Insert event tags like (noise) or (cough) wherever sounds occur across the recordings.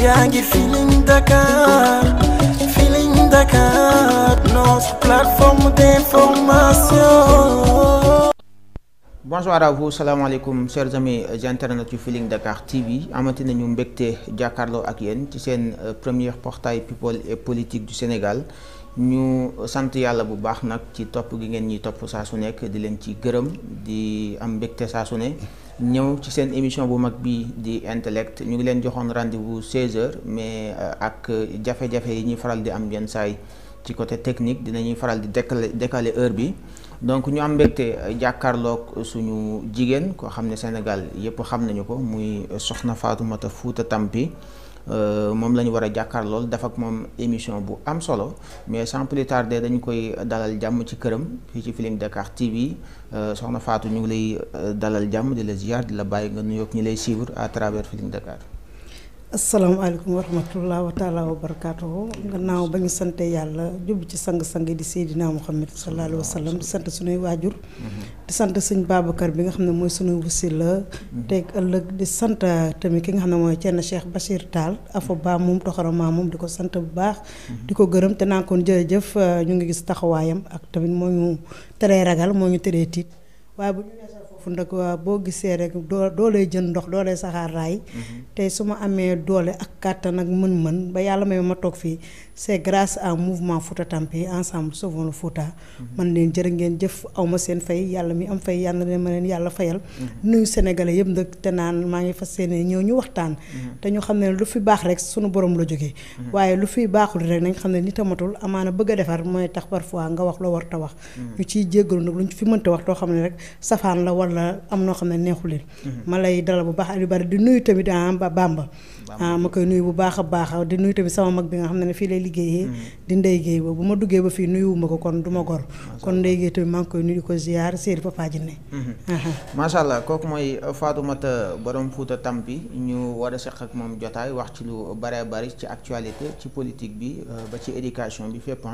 yaa ngi Feeling Dakar Feeling Dakar notre plateforme d'information. bonsoir à vous salaamaaleykum chers amis euh, internautes yu Feeling Dakar TV amati nañu mbégte jàkkaarloo ak yéen ci seen euh, premier portail people et politique du Sénégal. ñu sant yàlla bu baax nag ci topp gi ngeen ñi topp saa su nekk di leen ci gërëm di am mbégte saa su ne ñëw ci seen émission bu mag bii di Intellect ñu ngi leen joxoon rendez-vous 16h mais euh, ak jafe-jafe yi ñuy faral di am yenn saay ci côté technique dinañuy faral di décaler décaler heure bi donc ñu am mbégte euh, jàkkaarlook suñu jigéen koo xam ne Sénégal yëpp xam nañu ko muy euh, soxna Fatoumata Fouta Tampi Euh, moom la ñu war a jàkkaar lool def ak moom émission bu am solo mais sans plus tarder dañu koy dalal jàmm ci këram fii ci Feeling Dakar TV euh, soxna Fatou ñu ngi lay euh, dalal jàmm di la ziar la bàyyi nga nuyoog ñi lay suivre à travers Feeling Dakar. asalaamaaleykum wa rahmatulah wa taalaa wa barakaatu ba ñu sante yàlla jub ci sang-sang di Seydina Muhammad sallallahu alayhi wa sallam di sant sunuy waajur di sant suñ Babacar bi nga xam ne mooy suñu la teg ëllëg di sant tamit ki nga xam ne mooy cenn Cheikh Bachir Tall afa baa moom toxara maa moom di ko sant bu baax di ko gërëm te naa koon jërëjëf ñu ngi gis taxawaayam ak tamit moo ñu teree ragal moo ñu teree tiit waaye bu ñu fu nag boo gisee rekk doo doolay jën ndox doolay saxaar raay mm-hmm. tey su ma amee doole ak kàttan ak mën-mën ba yàlla may ma toog fii c'est grâce à mouvement Fouta Tampi ensemble sauvons le Fouta. man leen jërë ngeen jëf aw ma seen fay yàlla mi am fay yàlla na ma leen yàlla fayal. Mhm. nuyu sénégalais yëpp nag te naan maa ngi fas yéene ñëw ñu waxtaan. Mhm. te ñu xam ne lu fi baax rek sunu borom la jógee. Mhm. waaye lu fi baaxul rek nañ xam ne nit amatul amaana bëgg a defar mooy tax parfois nga wax loo war ta wax. ñu ciy jéggalu nag luñ fi mënta wax too xam ne rek safaan la wala am noo xam ne neexul leen. ma lay bu baax Aliou Bari di nuyu tamit ah Bamba. Ah, ma koy nuyu bu a liggéeyee mm. di Ndeye Guèye boobu bu ma duggee ba fii nuyuwuma ko kon du ma gor kon Ndeye Guèye tamit maa ngi koy nuyu ko ziar séeri Papa Jinne mm-hmm. (laughs) macha allah kooku mooy Fatoumata borom Fouta Tampi ñu war a seq ak moom jotaay wax ci lu bare bari ci actualité ci politique bi euh, ba ci éducation bi fépp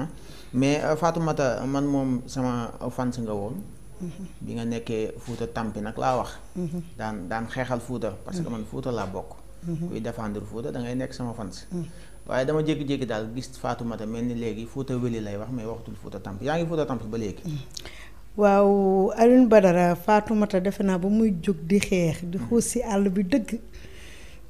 mais euh, Fatoumata man moom sama fans nga woon mm-hmm. bi nga nekkee Fouta Tampi nag laa wax mm-hmm. daan daan xeexal Fouta parce que man Fouta laa bokk kuy défendre Fouta da nekk sama fans waaye dama jékki-jékki daal gis Fatoumata mel ni léegi Fouta Weli lay wax mais waxtul Fouta Tamp yaa ngi Fouta Tamp ba léegi. Mm. waaw Alioune Badara Fatoumata defe naa ba muy jóg di xeex. di mm. xuus si àll bi dëgg.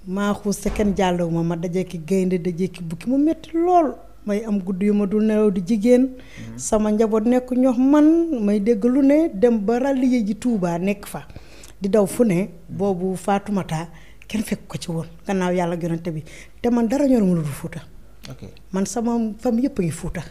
maa xuus sa kenn jàllewu ma ma dajee ki gaynde dajee ki bukki mu metti lool. may am gudd yu ma dul nelaw di jigéen. Mm. sama njaboot nekk ñox man may dégg lu ne dem ba ràlliye ji tuubaa nekk fa. di daw fu ne. boobu faatumata kenn fekk ko ci woon kannaaw yàlla yonante bi te man dara ñor mu lu fuuta man sama famille yëpp a ngi fuuta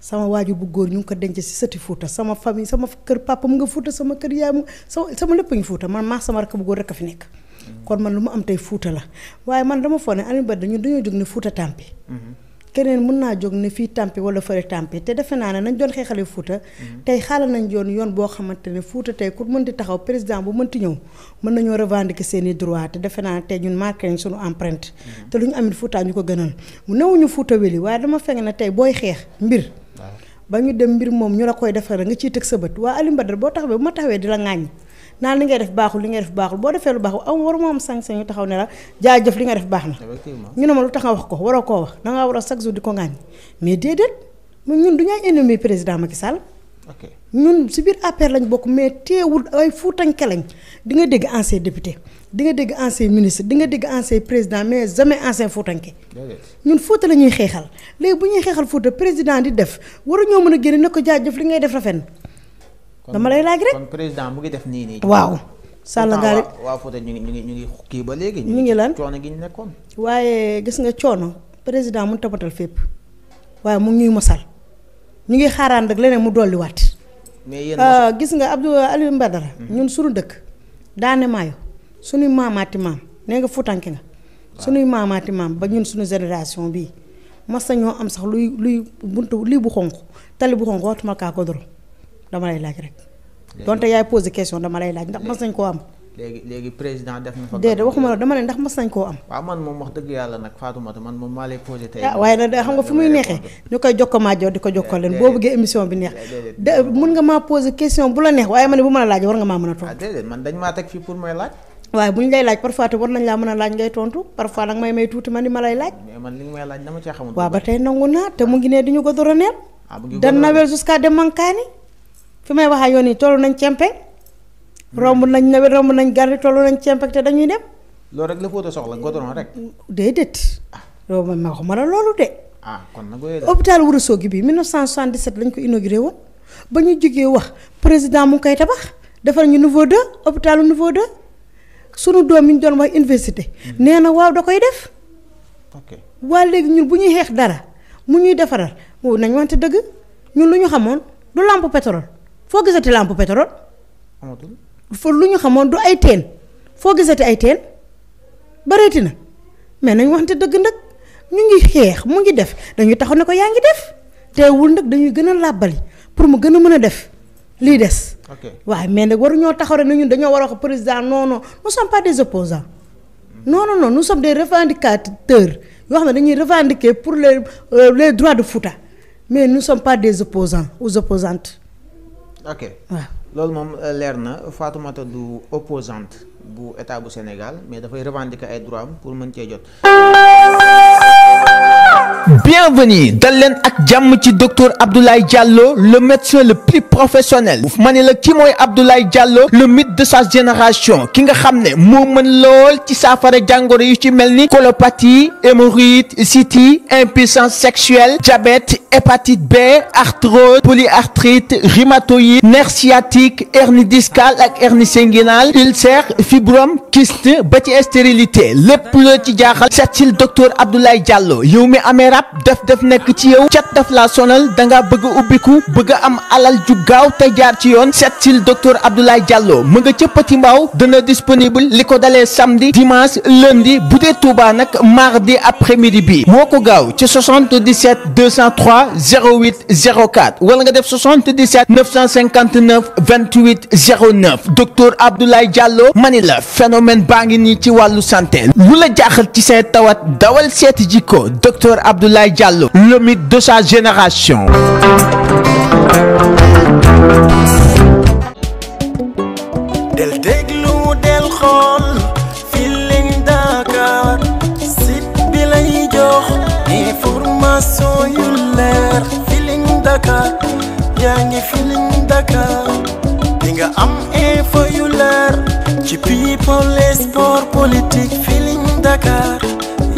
sama waajur bu góor ñu ngi ko denc si sëti fuuta sama famille sama kër papa mu nga fuuta sama kër yaay mu sama sama lépp a ngi fuuta man maa sama rakk bu góor rek a fi nekk mm. kon man lu mu am tey fuuta la waaye man dama foog ne Alioune Badara ñun dañoo jóg ne fuuta tàmpi mm-hmm. keneen mën naa jóg ne fii tàmpi wala fëre tàmpi te defe naa ne nañ doon xeexalee Fouta. Mm-hmm. tey xaaral nañ yoon yoon boo xamante ne Fouta tey ku mënti taxaw président bu mënti ñëw mën nañoo revendiquer seen i droit te defe naa ne tey ñun marqué nañ suñu empreinte. Mm-hmm. te lu ñu amit Fouta ñu ko gënal mu newuñu Fouta weli waaye dama fekk na tey booy xeex mbir. ba ñu dem mbir moom ñu la koy defar nga ciy teg sa bët waa Alioune Badara boo taxawee bu ma taxawee di la ŋàññ naan li ngay def baaxul li ngay def baaxul boo defee lu baaxul am waruma am sanction ñu taxaw ne la jaajëf li nga def baax na ñu ne ma lu tax nga wax ko waroo koo wax da ngaa war a chaque jour di ko ngaañ mais déedéet ñun du ñu ay président Macky ñun si biir APR lañ bokk mais teewul ay fuutanke lañ di nga dégg ancien député di nga dégg ancien ministre di nga dégg ancien président mais jamais ancien fuutanke ñun Fuuta la ñuy xeexal léegi bu ñuy xeexal Fuuta président di def waruñoo mën a génne ne ko jaajëf li ngay def rafet dama lay laaj rek président mu ngi def nii nii. waaw. Sall Ngaari de Fouta ñu ngi ñu ngi ñu ngi kii ba léegi. ñu ngi lan coono gi ñu nekkoon. waaye gis nga coono président mun tabatal fépp waaye mu ngi ñuy mosal ñu ngi xaaraan rek leneen mu dolliwaat. mais yéen euh, gis nga Abdou Aliou Mbadara. Mhm. ñun suñu dëkk daane maayo suñuy maamaati maam nee nga futanke na suñuy maamaati maam ba ñun suñu génération bii mas ñoo am sax luy luy buntu lii bu xonq tali bu xonq waxtuma kaa ko doro dama lay laaj rek. donte yaay posé question dama lay laaj ndax mas koo am. léegi léegi na fa. déedéet waxuma la dama ne ndax mas nañ koo am. waaw man yàlla nag Fatoumata man moom maa lay posé tey. ah waaye nag xam nga fi muy neexee ñu koy jokkoo maa ma laaj war nga maa a ah, lay laaj parfois a laaj nga may laaj dama cee ba tey nangu naa te mu ngi ne di ñu ko doroneel. ah mu ngi fi may wax ak yow nii toll nañ cempe romb nañ nawet romb nañ garri toll nañ cempe te dañuy dem. loolu rek la Fouta soxla goudron rek. déedéet. Ah. loolu man ma waxuma la loolu ah kon nag hôpital Ourossogui bi 1977 lañ ko inauguré woon ba ñu jógee wax président mu ngi koy tabax defar ñu niveau 2 hôpitalu niveau 2 sunu doom yi ñu doon wax université. Mm-hmm. nee na waaw da koy def. ok waa léegi ñun bu ñuy xeex dara mu ñuy defaral nañ wante dëgg ñun lu ñu xamoon du lampe pétrole. foo gisati lampe pétrole. foo lu ñu xamoon du ay teen foo gisati ay teen bareeti na mais nañ wax waxante dëgg nag ñu ngi xeex mu ngi def dañuy taxaw ne ko yaa ngi def teewul nag dañuy gën a làbbali pour mu gën a mën a def lii des. waaye mais nag waruñoo taxaw rek ne ñun dañoo war a wax président non non nous sommes pas des opposants non non non nous sommes des revendicateurs yoo xam ne dañuy revendiquer pour les euh, les droits de Fouta mais nous sommes des opposants ou opposantes ok loolu moom euh, leer na Fatoumata du opposante bu état bu Sénégal mais dafay revendiquer ay droits am pour mën cee jot. (laughs) bienvenue dal leen ak jàmm ci docteur Abdoulaye Diallo le médecin le plus professionnel ma ne la ki mooy Abdoulaye Diallo le mythe de sa génération ki nga xam ne moo mën lool ci saafara jàngoro yu ci mel ni colopathie hémorroïde cystite impuissance sexuelle diabète hépatite B arthrose polyarthrite rhumatoïde nerf sciatique hernie discale ak hernie inguinale ulcère fibrome kyste ba ci stérilité lépp ci jaaxal seet si docteur Abdoulaye Diallo yow mi amee rab def def nekk ci yow cat daf la sonal da bëgg a ubbiku bëgg am alal ju gaaw te jaar ci yoon seet sil docteur Abdoulaye Diallo mu nga ca Petit Mbao dana disponible li ko dalee samdi dimanche lundi bu dee Touba nag mardi après midi bi woo ko gaaw ci 77 203 08 04 wala nga def 77 959 28 09 docteur Abdoulaye Diallo mani la phénomène baa ngi nii ci wàllu santé lu la jaaxal ci say tawat dawal seeti ji docteur Abdoulaye Diallo, le mythe de sa génération. del déglu del xool Feeling Dakar site bi lay jox information yu leer Feeling Dakar yaa ngi Feeling Dakar di nga am info yu leer ci people sport politique Feeling Dakar